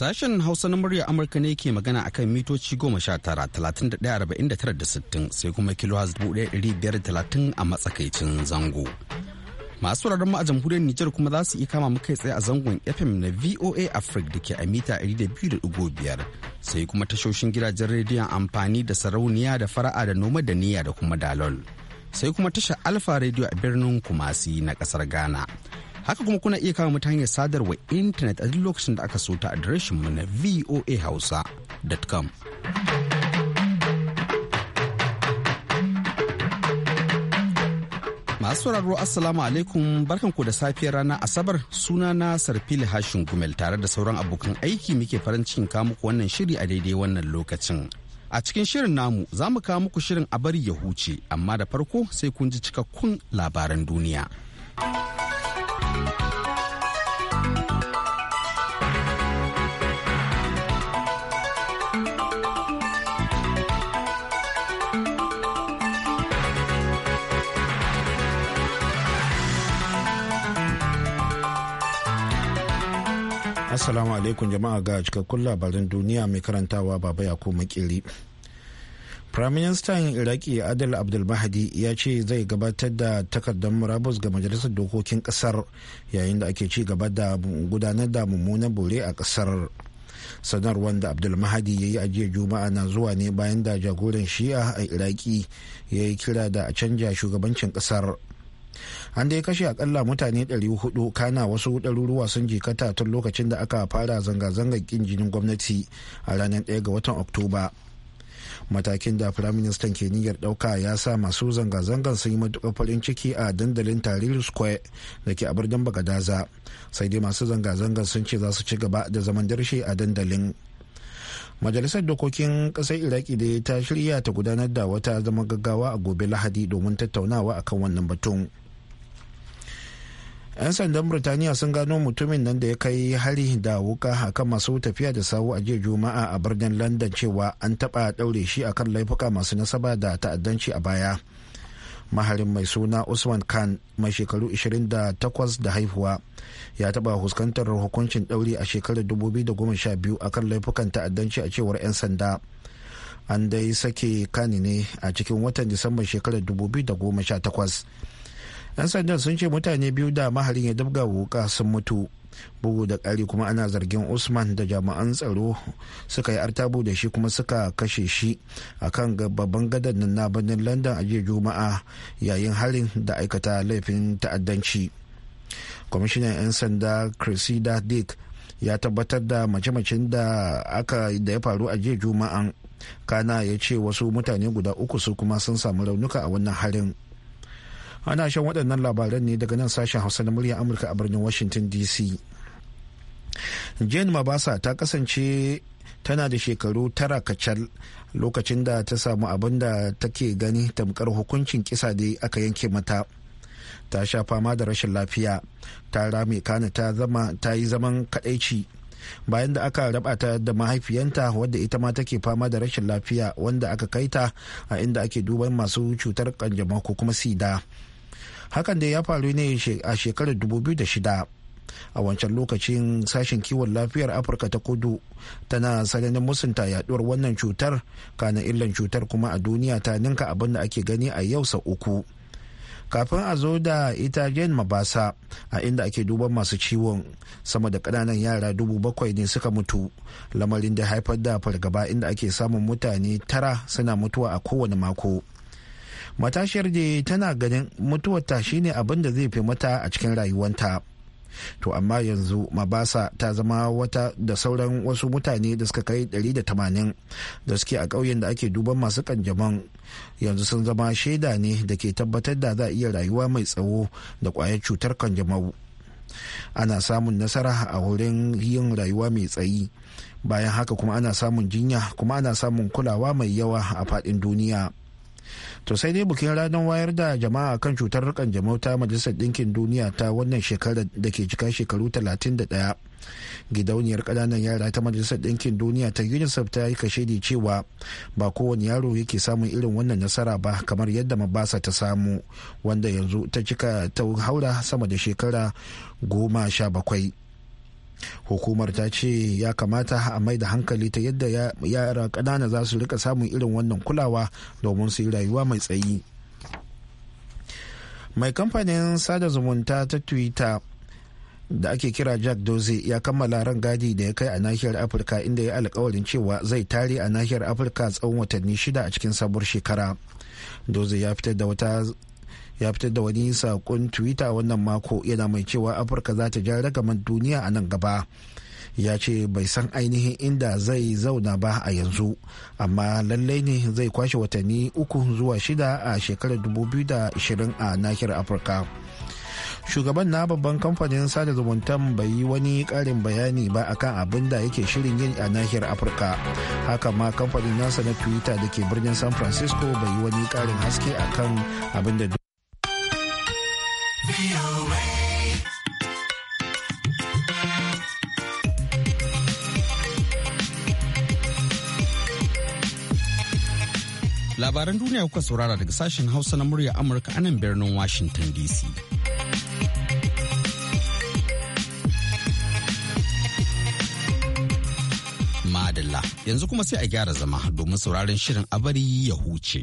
Sashen Hausa na murya Amurka ne ke magana akan mitoci goma sha tara talatin da ɗaya arba'in da tara da sittin sai kuma kilo dubu ɗaya dari biyar talatin a matsakaicin zango. Masu wuraren mu a jamhuriyar Nijar kuma za su iya kama mu kai tsaye a zangon FM na VOA Africa da ke a mita 200.5 sai kuma tashoshin gidajen rediyon amfani da sarauniya da fara'a da noma da niyya da kuma dalol. Sai kuma tasha Alfa Radio a birnin Kumasi na kasar Ghana. Haka kuma kuna iya kama mutane sadarwa intanet a duk lokacin da aka so ta adireshin mu na voahausa.com. Masu sauraro Assalamu alaikum barkanku da safiyar rana Asabar suna na Sarfili Hashin Gumel tare da sauran abokan aiki muke farin cikin muku wannan shiri a daidai wannan lokacin. A cikin shirin namu za mu kawo muku shirin a bari ya huce amma da farko sai kun ji cikakkun labaran duniya. Assalamu alaikum jama'a ga cikakkun labarin duniya mai karantawa baba ya ko firaministan iraki adil mahdi ya ce zai gabatar da takardar murabus ga majalisar dokokin kasar yayin da ake ci gaba da gudanar da mummunan bore a kasar sanarwar da mahdi ya yi a jiya juma'a na zuwa ne bayan da jagoran shi'a a iraki ya yi kira da a canja shugabancin kasar an dai kashe akalla mutane 400 kana wasu ɗaruruwa sun jikata tun lokacin da aka fara zanga-zangar ƙin jinin gwamnati a ranar 1 ga watan oktoba matakin da firaministan ke niyyar dauka ya sa masu zanga-zangar sun yi matuƙar farin ciki a dandalin tarihi square da ke a birnin bagadaza sai dai masu zanga-zangar sun ce za su ci gaba da zaman darshe a dandalin majalisar dokokin ƙasar iraki da ta shirya ta gudanar da wata zama gaggawa a gobe lahadi domin tattaunawa akan wannan batun 'yan sandan burtaniya sun gano mutumin nan da ya kai hari da wuka akan masu tafiya da sawu a jiya juma'a a birnin london cewa an taɓa ɗaure shi a kan laifuka masu nasaba da ta'addanci a baya maharin mai suna usman khan mai shekaru 28 da haihuwa ya taba fuskantar hukuncin ɗaure a shekarar 2012 a kan laifukan ta'addanci a cewar 'yan sanda an dai sake kani ne a cikin watan disambar shekarar 2018 'yan sandan sun ce mutane biyu da maharin ya dabga wuka sun mutu bugu da ƙari kuma ana zargin usman da jami'an tsaro suka yi artabu da shi kuma suka kashe shi a kan babban gadar na birnin london a jiya juma'a yayin harin da aikata laifin ta'addanci kwamishinan 'yan sanda cressida dick ya tabbatar da mace-macen da aka da ya faru a jiya juma'an kana ya ce wasu mutane guda uku su kuma sun samu raunuka a wannan harin ana shan waɗannan labaran ne daga nan sashen hausa na muryar amurka a birnin washington dc jane mabasa ta kasance tana da shekaru tara kacal lokacin da ta samu abin da take gani tamkar hukuncin kisa da aka yanke mata ta sha fama da rashin lafiya ta rame kana ta zama ta yi zaman kadaici bayan da aka raba ta da mahaifiyanta wadda ita ma take fama da rashin lafiya wanda aka kai ta a inda ake duban masu cutar kanjamau ko kuma sida hakan da ya faru ne a shekarar 2006 a wancan lokacin sashen kiwon lafiyar afirka ta kudu tana sananin musunta yaduwar wannan cutar kana illan cutar kuma a duniya ta ninka abin da ake gani a yau sau uku kafin a zo da ita jane mabasa a inda ake duban masu ciwon sama da kananan yara dubu bakwai ne suka mutu lamarin da haifar da fargaba inda ake samun mutane tara suna mutuwa a kowane mako matashiyar da tana ganin mutuwarta shine abin da zai fi mata a cikin rayuwanta to amma yanzu mabasa ta zama wata da sauran wasu mutane da suka kai 180 da suke a ƙauyen da ake duban masu kanjaman yanzu sun zama shaida ne da ke tabbatar da za a iya rayuwa mai tsawo da kwayar cutar kanjamau ana samun nasara a wurin yin rayuwa mai tsayi bayan haka kuma ana samun jinya kuma ana samun kulawa mai yawa a faɗin duniya to sai dai bikin ranar wayar da jama'a kan cutar kanjamau ta majalisar ɗinkin duniya ta wannan shekarar da ke cika shekaru 31 gidauniyar kananan yara ta majalisar ɗinkin duniya ta unicef ta yi kashedi cewa ba kowane yaro yake samun irin wannan nasara ba kamar yadda mabasa ta samu wanda yanzu ta cika ta haura sama da shekara goma sha bakwai hukumar ta ce ya kamata a mai da hankali ta yadda yara kanana za su rika samun irin wannan kulawa domin su yi rayuwa mai tsayi mai kamfanin sada zumunta ta twitter da ake kira jack doze ya kammala ran gadi da ya kai a nahiyar afirka inda ya alkawarin cewa zai tare a nahiyar afirka tsawon watanni shida a cikin sabuwar shekara doze ya fitar da wata ya fitar da wani saƙon twitter wannan mako yana mai cewa afirka za ta ja ragaman duniya a nan gaba ya ce bai san ainihin inda zai zauna ba a yanzu amma lallai ne zai kwashe watanni uku zuwa shida a shekarar 2020 a nahiyar afirka shugaban na babban kamfanin sada zumuntan bai yi wani karin bayani ba akan abin da yake shirin yin a nahiyar afirka haka ma kamfanin nasa na twitter da ke birnin san francisco bai yi wani karin haske akan abin da labaran duniya kuka saurara daga sashen hausa na murya amurka anan birnin washington dc madalla yanzu kuma sai a gyara zama domin sauraron shirin abari ya huce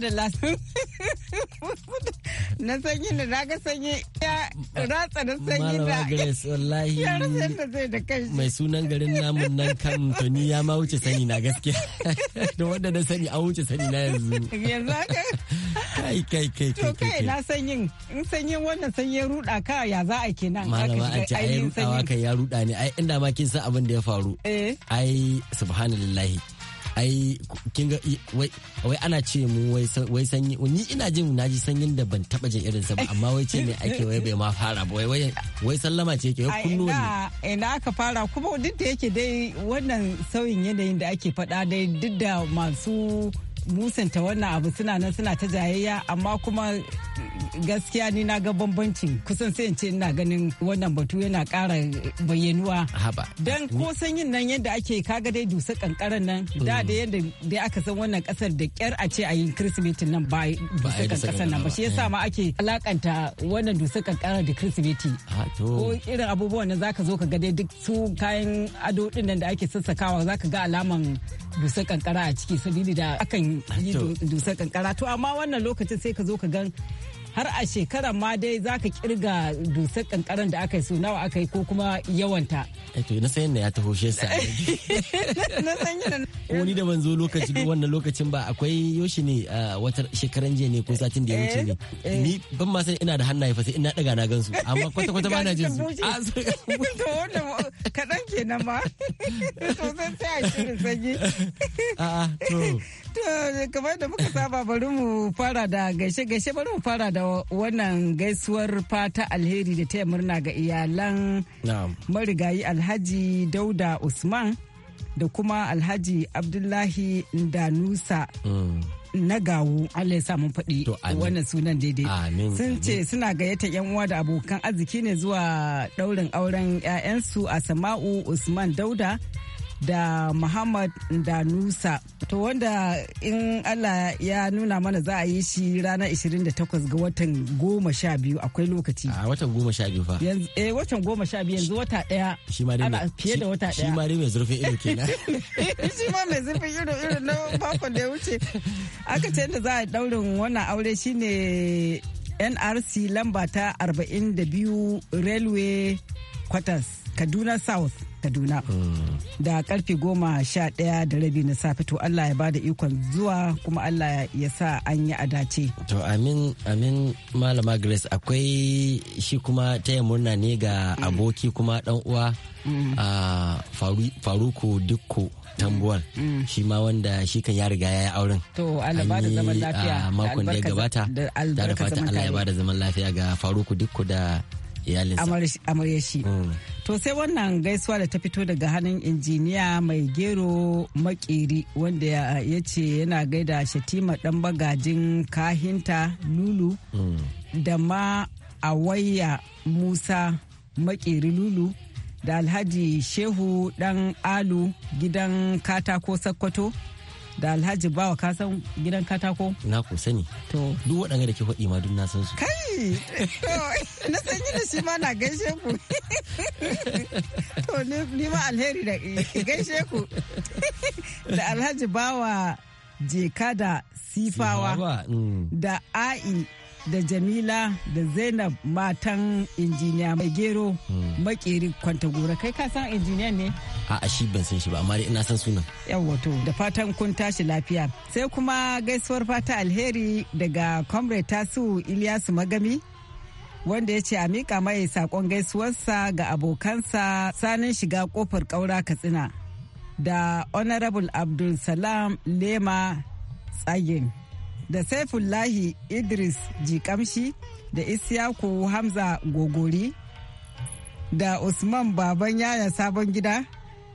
madalla na sanyi da naga sanyi ya ratsa da sanyi da ya rasa yadda zai da kai mai sunan garin namun nan kan tuni ya ma wuce sani na gaskiya da wanda na sani a wuce sani na yanzu yanzu aka kai kai kai to kai na sanyin in sanyin wannan sanyi ya ruda ka ya za a kenan malama a ce ai rudawa kai ya ruda ne ai inda ma kin san abin da ya faru eh. ai subhanallahi ai kin ga wai ana ce mu wai sanyi ni ina jin na ji sanyin da ban taba jin irin sa ba amma wai ce ne ake wai bai ma fara ba wai wai sallama ce yake kunno ne ina aka fara kuma duk da yake dai wannan sauyin yanayin da ake faɗa dai duk da masu musanta wannan abu suna nan suna ta jayayya amma kuma gaskiya ni na ga bambanci kusan sai in ce ina ganin wannan batu yana kara bayyanuwa haba dan ko yin nan yadda ake kaga dai dusa kankaran nan da da yadda dai aka san wannan kasar da kyar a ce a yin kirsimeti nan ba dusa kankaran nan ba shi yasa ma ake alakanta wannan dusa kankaran da kirsimeti ko irin abubuwan nan zaka zo ka ga dai duk su kayan ado din nan da ake sassakawa zaka ga alaman dusar kankara a ciki sabili da akan yi dusar kankara to amma wannan lokacin sai ka zo ka gan har a shekarar ma dai za ka kirga dusar kankaran da aka yi su nawa aka yi ko kuma yawanta. Eh, to na sayan na ya taho shi sa wani da ban zo lokacin wannan lokacin ba akwai yoshi ne a wata shekaran jiya ne ko satin da ya wuce ne eh, eh. ni ban ma san ina da hannaye fa sai ina daga na gansu amma kwata kwata ba na jin su ah, to wanda kadan kenan ma sai a shirin sanyi A'a ah, to kamar da muka saba bari mu fara da gaishe-gaishe bari mu fara da wannan gaisuwar fata alheri da taya murna ga iyalan marigayi alhaji dauda usman da kuma alhaji abdullahi danusa mm. na gawo Allah ya sa faɗi wannan sunan daidai sun ce suna gayyata yan uwa da abokan arziki ne zuwa ɗaurin auren 'ya'yansu a sama'u usman dauda da Muhammad Danusa. To wanda in Allah ya nuna mana za a yi shi ranar 28 ga watan goma sha biyu akwai lokaci. A watan goma sha biyu fa. Eh watan goma sha biyu yanzu wata ɗaya. Shi ma dai fiye da wata ɗaya. Shi ma dai mai zurfin ido kenan. Shi ma mai zurfin ido ido na bakon da ya wuce. Aka ce da za a daurin wannan aure shine NRC lamba ta 42 Railway kwatas kaduna south kaduna da karfe goma sha ɗaya da rabi na safe to allah ya bada ikon zuwa kuma allah ya sa an yi adace to amin amin malama grace akwai shi kuma taya murna ne ga mm. aboki kuma dan uwa mm. a faruku dukko Tambuwar. Mm, shi ma wanda shi kan ya riga ya yi auren to allah ba da zaman lafiya makon da ya gabata da fatan allah ya ba da zaman lafiya ga faruku dukko da amarya shi mm. to sai wannan gaisuwa da ta fito daga hannun injiniya mai gero makeri wanda ya ce yana gaida shatima dan bagajin kahinta lulu mm. da ma awayya musa makeri lulu da alhaji shehu dan alu gidan katako sakkwato da alhaji bawa ka san gidan katako na ku sani to duk waɗanda da ke faɗi ma duk na san su kai to na san da shi ma na gaishe ku to ni ma alheri da gaishe ku da alhaji bawa jeka da sifawa mm. da a'i da jamila da zainab matan injiniya mai gero hmm. makeri kwantagora kai ka san injiniyan ne a shi ban san shi ba amma ina san sunan to da fatan kun tashi lafiya sai kuma gaisuwar fata alheri daga comrade tasu iliyasu magami wanda ya ce a miƙa mai saƙon gaisuwarsa ga abokansa sanin shiga ƙofar ƙaura katsina da honorable abdulsalam lema tsayin da saifullahi idris jikamshi da isyaku hamza gogori da usman baban yaya sabon gida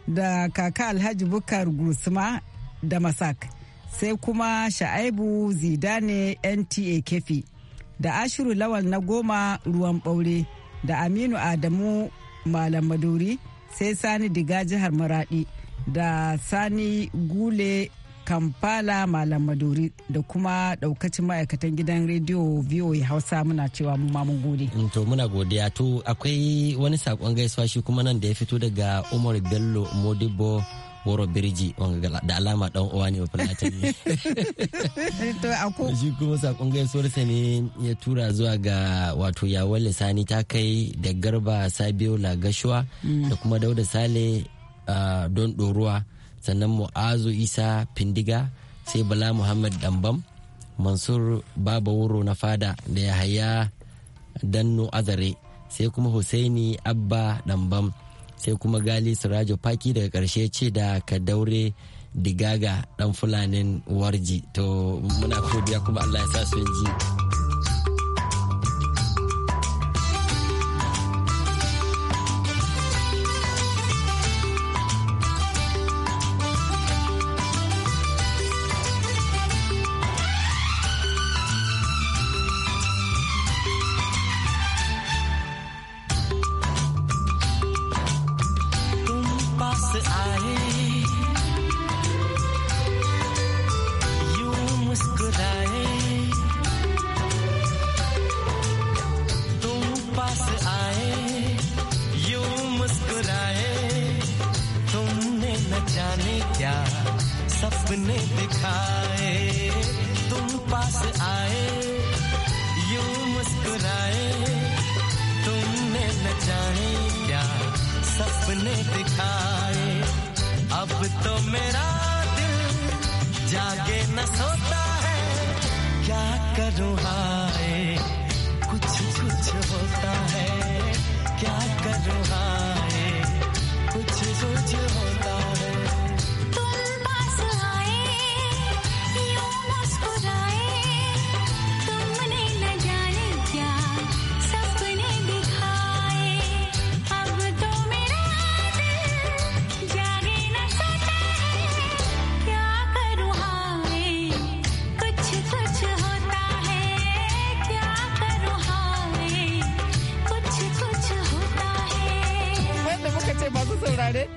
da kaka alhaji bukar gusma da masak sai kuma sha'aibu zidane nta kefi da ashiru lawal na goma ruwan ɓaure da aminu adamu malam maduri sai sani diga jihar maradi da sani gule Kampala Malam Maduri da kuma daukacin ma'aikatan gidan rediyo VOA Hausa muna cewa mu ma mun gode. Mm, to muna godiya to akwai wani sakon gaisuwa shi kuma nan da ya fito daga Umar Bello Modibo Woro Birji da alama dan uwa ne bafulatan ne. To Shi kuma sakon gaisuwar sa ne ya tura zuwa ga wato yawon lisani ta kai da garba Sabiu Lagashuwa mm. da kuma Dauda Sale ah, don ɗoruwa. sannan mu'azu isa findiga sai bala muhammad dambam mansur baba wuro na fada da ya haya dannu azare sai kuma husaini abba dambam sai kuma gali sirajo paki daga karshe ce da kadaure digaga dan fulanin warji to muna kodiya kuma allah ya sa su ji सपने दिखाए तुम पास आए यू मुस्कुराए तुमने न जाने क्या सपने दिखाए अब तो मेरा दिल जागे न सोता है क्या करूँ हाय कुछ कुछ होता है क्या करूँ हाय saurare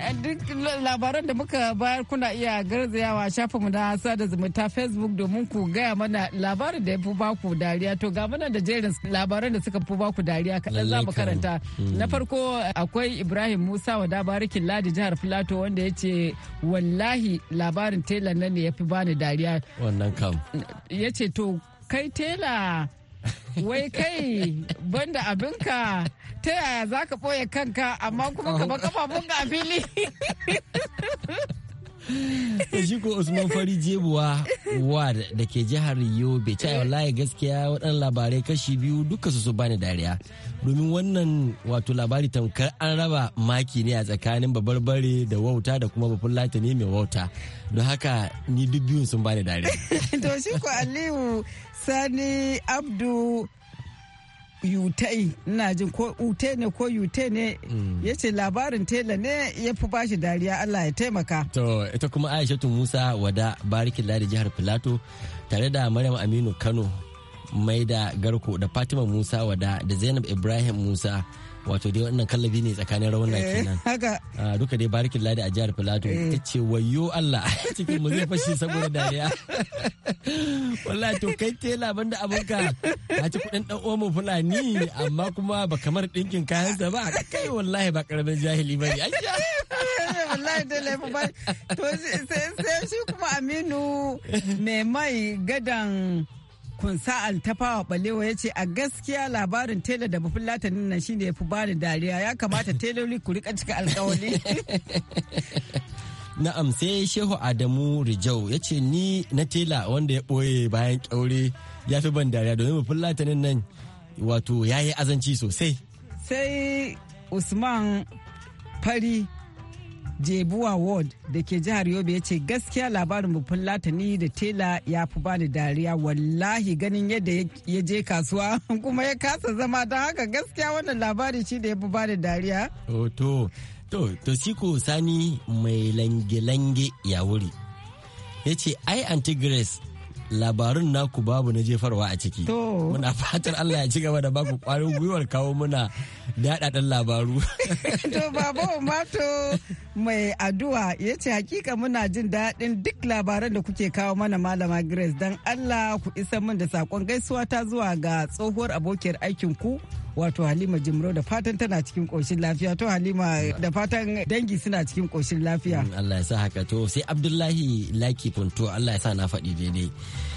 eh, duk labaran da muka bayar kuna iya garzayawa shafinmu na sada zumunta facebook domin ku gaya mana labarin da ya fi baku dariya to ga mana da jerin labaran da suka fi baku dariya kaɗan za mu karanta hmm. na farko akwai ibrahim musa wada barikin ladi jihar filato wanda ya ce wallahi labarin tela nan ne ya fi bani dariya wannan kam ya ce to kai tela wai kai banda abinka ta yaya za ka ɓoye kanka amma kuma ka baka kafafun ga a fili shi ko usman fari jebuwa wa da ke jihar yobe ta wallahi gaskiya waɗannan labarai kashi biyu duka su su bani dariya domin wannan wato labari tamkar an raba maki ne a tsakanin babarbare da wauta da kuma babban latani mai wauta don haka ni duk biyun sun bani dariya to shi ko aliyu sani abdu yutai ina jin ko utai ne ko yute ne hmm. ya ce labarin tela ne ya fi bashi dariya Allah ya taimaka. To ita kuma Aishatu Musa wada barikin da jihar Filato tare da Maryam Aminu Kano mai da garko da Fatima Musa wada da Zainab Ibrahim Musa wato dai wannan kallabi ne tsakanin rawan na kenan eh, haka ah, duka dai barikin ladi a jihar filato eh. ta ce wayo Allah cikin mu zai fashi saboda dariya wallahi to kai tela da abinka ka ci kudin dan omo fulani amma kuma ba kamar dinkin kayan sa ba kai wallahi ba karamin jahili ba ne wallahi da laifin ba to sai kuma Aminu mai mai gadan kunsa ta fawa balewa ya ce a gaskiya labarin tela da bufin latanin nan shine ya fi bani dariya ya kamata teloli ku rika cika alkawali na'am sai shehu adamu rijau ya ce ni na tela wanda ya boye bayan ƙyaure ya fi ban dariya domin bufin latanin nan wato ya yi azanci sosai sai usman fari jebuwa ward da ke jihar yobe ya ce gaskiya labarin bufin latani da tela ya fi bani dariya wallahi ganin yadda ya je kasuwa kuma ya kasa zama don haka gaskiya wannan labari shi da ya fi da dariya to to to siko sani mai lange-lange ya wuri ya ce ai anti grace labarun naku babu na jefarwa a ciki. Muna fatar Allah ya ci gaba da baku kwarin gwiwar kawo muna daɗaɗen labaru. To babu mato mai addu'a ya ce hakika muna jin daɗin duk labaran da kuke kawo mana malama Grace don Allah ku isa mun da saƙon gaisuwa ta zuwa ga tsohuwar abokiyar aikin ku wato halima jimro da fatan tana cikin koshin lafiya to halima da fatan dangi suna cikin koshin lafiya mm, Allah ya sa haka to sai abdullahi laki punto Allah ya sa na faɗi daidai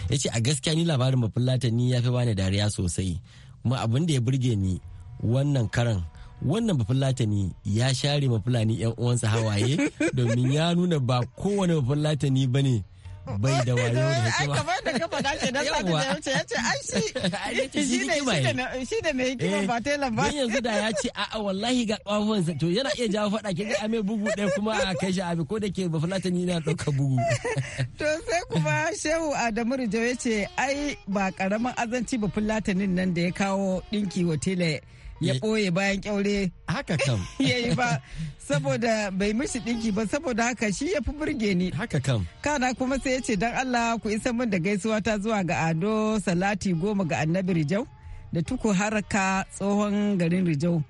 ya ce a gaskiya ni labarin mafullata ni ya fi bani dariya sosai kuma abin da ya burge ni wannan karan wannan bafulatani ya share mafulani yan uwansa hawaye domin ya nuna ba kowane bafulatani ba ne bai da wayo da hikima. Ai kamar da ka faɗa ke dan sa da ya ce, ai shi shi ne shi ne mai hikima eh, ba lamba. ba. yanzu da ya ce a'a wallahi ga ƙwafonsa to yana iya jawo faɗa ke ga ame bugu ɗaya kuma a kai shi abi ko da ke bafulatani na ɗauka bugu. To sai kuma Shehu Adamu Rijo ya ce ai ba ƙaramin azanci bafulatanin nan da ya kawo ɗinki wa tele. ya ɓoye bayan ƙyaure haka kam ya yi ba saboda bai mishi ɗinki ba saboda haka shi ya fi burge ni haka kam kana kuma sai ya ce don allah ku isa min da gaisuwa ta zuwa ga ado salati goma ga annabi rijau da tuku haraka tsohon garin rijau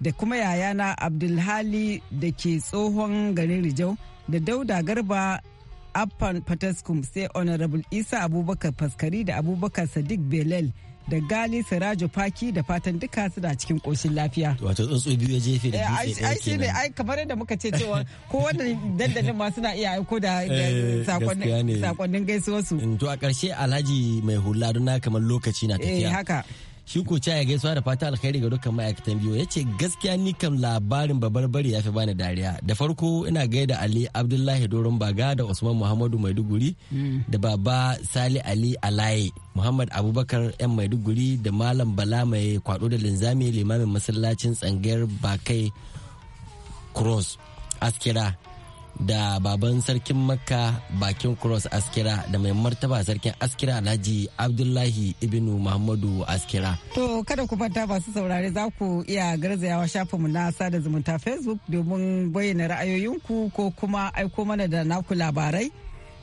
da kuma yayana abdulhali da ke tsohon garin rijau da dauda garba appan fataskum sai honorable isa abubakar faskari da abubakar sadiq belel da gali siraju faki da fatan duka suna cikin koshin lafiya wato tsuntsu biyu ya jefe da eh, ai shi ne ai kamar yadda muka ce cewa ko wannan dandalin ma suna iya aiko da eh, sakonnin in mm, to a ƙarshe alhaji mai hula don na kamar lokaci na eh, tafiya haka shi ko ya gaisuwa da fata alkhairi ga dukkan ma'aikatan biyu ya ce gaskiya ni kam labarin babar bari ya fi bani dariya da farko ina gaida ali abdullahi doron baga da usman muhammadu maiduguri mm. da baba sali ali alaye muhammad abubakar yan maiduguri da malam bala mai kwado da linzami limamin masallacin tsangayar bakai cross askira da baban sarkin makka bakin cross askira da mai martaba sarkin askira alhaji abdullahi ibnu muhammadu askira to kada ku manta masu saurare za ku iya garzayawa shafinmu na sada zumunta facebook domin bayyana ra'ayoyinku ko kuma aiko mana da naku labarai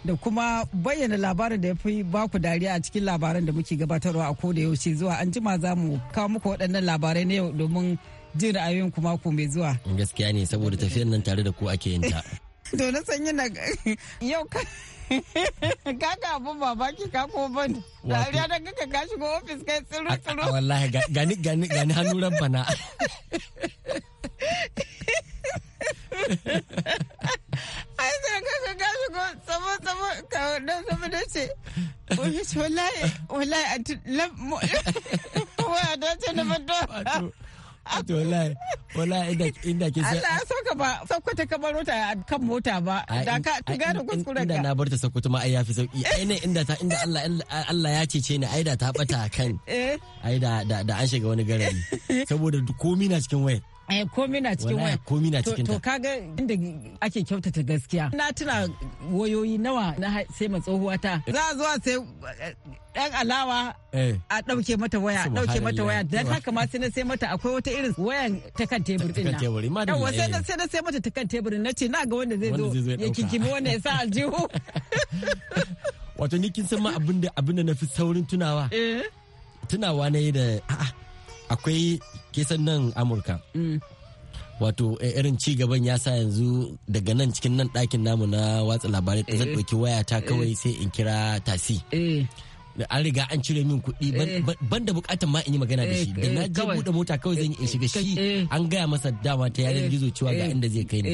da kuma bayyana labarin da ya fi baku dariya a cikin labaran da muke gabatarwa a koda yaushe zuwa an jima za mu kawo muku waɗannan labarai na yau domin jin ra'ayoyinku mako mai zuwa gaskiya ne saboda tafiyar nan tare da ku ake yin ta to na san yana yau ka kaka abun babaki ka ko ban dariya da kaka ka shigo ofis kai tsiru tsiru wallahi gani gani gani hannu ran bana ai sai kaka ka shigo tsamo tsamo ka dan tsamo da ce wallahi wallahi a waya da ce na fado to wallahi so ka ba sakkwata ka baro a kan mota ba inda na bar ta ma ai yafi sauki ai inda Allah Allah ya cece ni ai da ta bata kan eh. ai da da an shiga wani garari saboda komi na cikin wayar eh komi na cikin waya komi na cikin to kaga inda ake kyautata gaskiya na tuna wayoyi nawa na sai tsohuwa ta eh. za a zuwa sai dan eh, alawa eh. a dauke mata waya dauke mata waya dan haka ma sai na sai mata akwai wata irin wayan ta kan tebur din na yawa sai na sai na sai mata ta kan tebur na ce na ga wanda zai zo ya kikimi wanda ya sa aljihu wato ni kin san ma abinda abinda na fi saurin tunawa tunawa na yi da a'a akwai kisan nan amurka mm. wato eh, irin ci gaban ya sa yanzu daga nan cikin nan dakin namu na watsa labarai eh. zan ɗauki wayata eh. kawai sai in kira tasi an riga an cire min kuɗi ban da bukatar ma in yi magana da shi da na je buɗe mota kawai zan yi in shiga shi an gaya masa dama ta yanar gizo cewa ga inda zai kai ni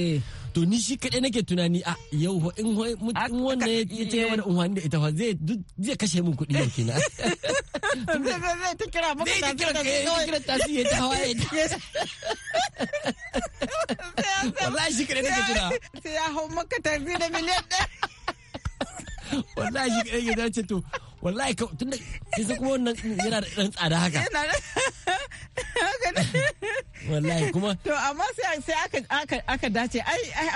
to ni shi kaɗai nake tunani a yau in wannan ya ce wani unhani da ita zai kashe min kuɗi yau kenan Zai ta kira maka ka ta ta hawa ya ta. Wallahi shi Sai ya hau maka da miliyan ɗaya. shi ya to kuma wallahi kuma to amma sai aka dace ai ai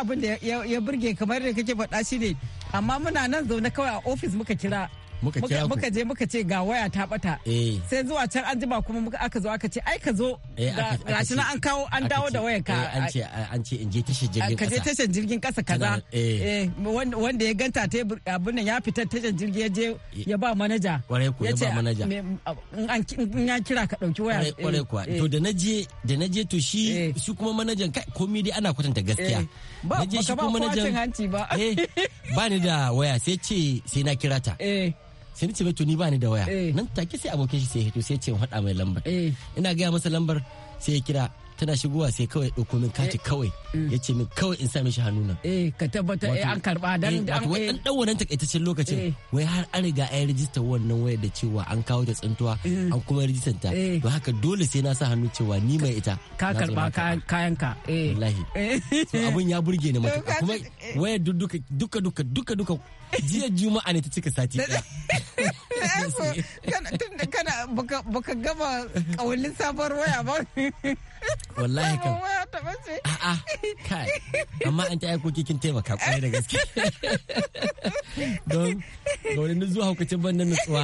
ya burge kamar da kake faɗa shi ne amma muna nan zaune kawai a ofis muka kira muka kira muka je muka ce ga waya ta bata eh. sai zuwa can an jima kuma muka aka zo aka ce ai ka zo eh, ga na an kawo an dawo da wayar ka eh, an ce an ce in je tashar jirgin kasa ka je tashar jirgin kasa kaza eh wanda ya ganta ta abin nan ya fitar tashar jirgin ya je ya ba manaja kware ku ya ba manaja in ya kira ka dauki waya kware ku to da naje da naje to shi shi kuma manajan kai komai dai ana kwatanta gaskiya naje shi kuma manajan ba ni da waya sai ce sai na kira ta sai ni ce mai to ni bani da waya eh. nan take sai abokin shi sai ya hito sai ya ce mu faɗa mai lambar eh. ina gaya masa lambar sai ya kira tana shigowa sai kawai ɗauko min kati kawai ya ce min kawai in sa mishi hannu nan. Eh ka tabbata eh an karba dan dan wai Dan wannan takaitaccen lokacin wai har an riga an rijista wannan wayar da cewa an kawo ta tsantuwa an kuma rijistar ta. Don haka dole sai na sa hannu cewa ni mai ita. Ka karba kayan ka. Wallahi. abun ya burge ni matuƙa kuma wayar duka duka duka duka duka jiya juma'a ne ta cika sati ɗaya. tun da kana baka gama kawalin sabuwar waya ba wallahi kan waya ta bace a'a kai amma an ta aiko kikin taimaka kwarai da gaske don ga wani zuwa hukacin ban na nutsuwa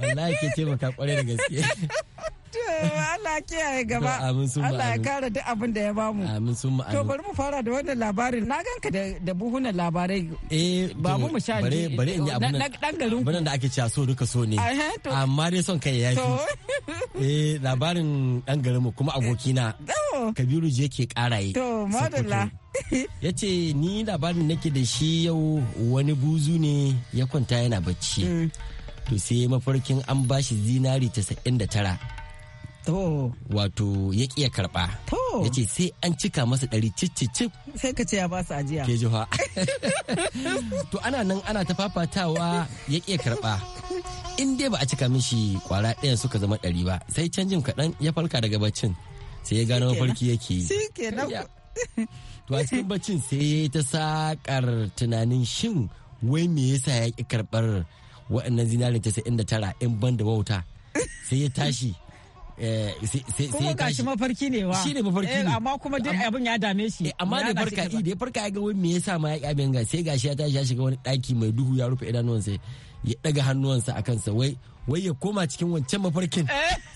wallahi ke taimaka kwarai da gaske Allah kiyaye gaba. Allah ya kare duk abin da ya bamu. Amin sun ma'amin. To bari mu fara da wannan labarin. Na ganka da buhunan labarai. Eh ba mu sha ji. bare bare in yi abun dan garin. Bana da ake cewa so duka so ne. Amma dai son kai yafi. Eh labarin dan garin mu kuma abokina. Kabiru je ke karaye. To madalla. ya ce ni labarin nake da shi yau wani buzu ne ya kwanta yana bacci. Mm. To sai mafarkin an bashi zinari 99 wato ya ƙiya karɓa ya ce sai an cika masa ɗari cicicip sai ka ce ya ba su ajiya ke jiha to ana nan ana ta fafatawa ya ƙiya karɓa in dai ba a cika mishi kwara ɗayan suka zama ɗari ba sai canjin kaɗan ya farka daga baccin sai ya gano mafarki yake yi to a cikin baccin sai ya ta saƙar tunanin shin wai me yasa ya ƙi karɓar waɗannan zinarin ta sai inda tara in banda da wauta sai ya tashi Eh, kuma ga shi mafarki ne wa shi ne mafarki eh, ne amma kuma duk abin ya dame shi eh, amma da farka da ya farka ya ga wai me yasa ma ya kyamen ga sai gashi ya tashi ya shiga wani daki mai duhu ya rufe idanuwansa ya daga hannuwansa a kansa wai wai ya koma cikin wancan mafarkin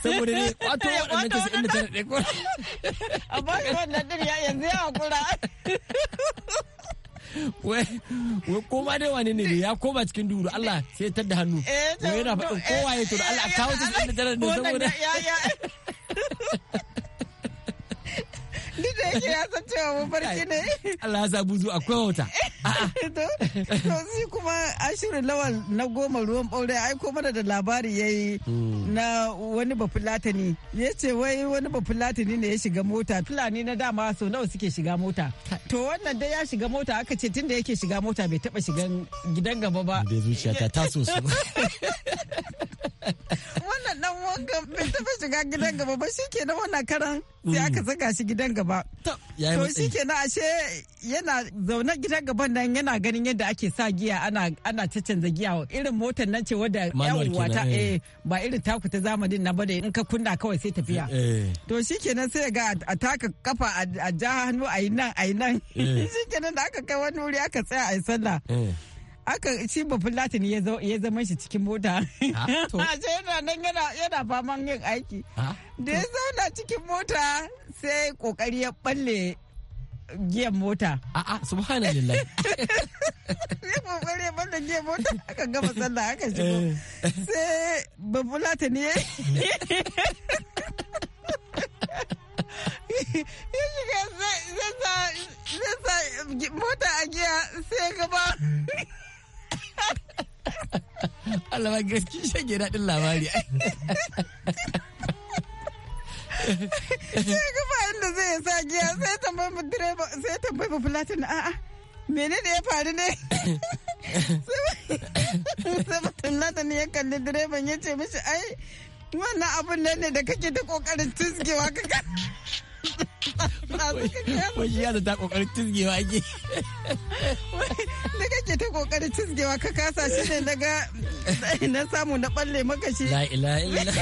saboda ne kwato waɗannan ta inda ta daɗe ko amma wannan din ya yanzu ya haƙura. wai koma dai wani ne ya koma cikin duru Allah sai tar da hannu eh, wai yana faɗin kowa ya eh, to Allah a kawo ta eh, da saboda Duk da yake ya san cewa mu farki ne. Allah ya sa buzu akwai wata. To shi kuma ashirin lawal na goma ruwan ɓaure ai ko mana da labari ya yi hmm. na wani bafulatani. Ya ce wai wani bafulatani ne ya shiga mota. Fulani na dama sau nawa suke shiga mota. To wannan dai ya shiga mota aka ce tunda yake shiga mota bai taɓa shigan gidan gaba ba. Da zuciya ta taso su. wannan dan wanka bai tafi shiga gidan gaba ba shi ke nan wannan karan sai aka mm. saka shi gidan gaba to shi ke nan ashe yana zaune gidan gaban nan yana ganin yadda ake sa giya ana ana giya irin motar nan ce wadda yawuwa ta eh. eh ba irin taku ta zamanin na bada in ka kunna kawai sai tafiya eh, eh. to shi ke nan sai ga a taka kafa a ja hannu a yi nan a yi nan shi ke nan da aka kai wani wuri aka tsaya a yi sallah aka ci ba latin ya zama shi cikin mota ashe yana nan yana faman yin aiki da ya zauna cikin mota sai kokari ya balle giyan mota a'a subhanallah ya kokari ya balle giyan mota aka gama tsalla aka shigo eh. sai ba latin ya ya shiga zai sa mota a giya sai gaba hmm. Allah gaske shage daɗin labari. Sai ga fa inda zai sa giya sai tambayi mu direba sai tambayi mu platin Mene menene ya faru ne? Sai platin ya kalli direban ya ce mishi ai wannan abun nan ne da kake ta kokarin tuskewa ka ka. Wai ya ta kokarin tusgewa ke. Da kake ta kokarin tusgewa ka kasa shi ne daga na samu na balle maka shi la ilaha illa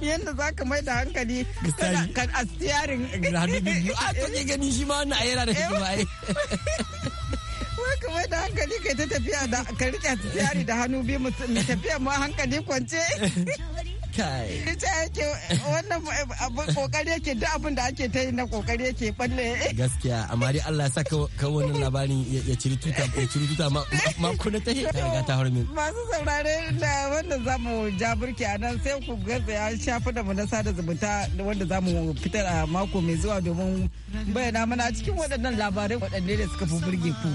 yanda zaka mai da hankali kan astiyarin hannu biyu a ah, to ke gani shi ma wannan ayyana da shi ma ai ka da hankali kai ta tafiya da ka rike tsari da hannu biyu mu tafiya ma hankali kwance kai ita yake wannan abin kokari yake duk abin da ake ta yi na kokari yake balle gaskiya amma dai Allah ya sa ka wannan labarin ya ciri tuta ya ciri tuta ma kuna ta ta riga ta harmi masu saurare da wannan ja jabirki a nan sai ku gaza ya shafi da mu na sada zumunta wanda za mu fitar a mako mai zuwa domin bayyana mana cikin waɗannan labarai waɗanne da suka fi burge ku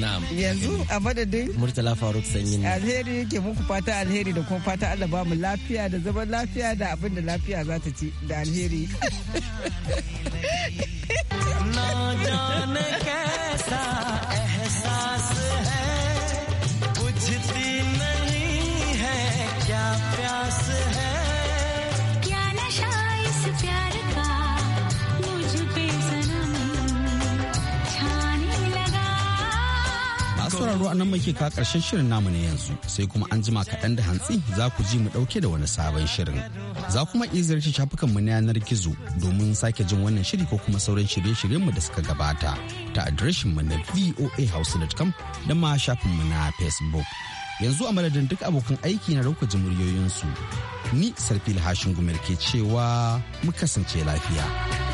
na'am yanzu a madadin murtala faruk sanyi alheri yake muku fata alheri da kuma fata Allah ba mu lafiya da zama zaman lafiya da abin da lafiya za ta ci da alheri. Na sauraro a nan muke ka karshen shirin namu ne yanzu sai kuma an jima kaɗan da hantsi za ku ji mu ɗauke da wani sabon shirin. Za kuma iya ziyarci shafukanmu na yanar gizo domin sake jin wannan shiri ko kuma sauran shirye-shiryenmu da suka gabata ta mu na voahouse.com da ma shafinmu na Facebook. Yanzu a madadin duk abokan aiki na rauka jimuriyoyinsu Ni Sarfil Hashin Gumel ke cewa mu kasance lafiya.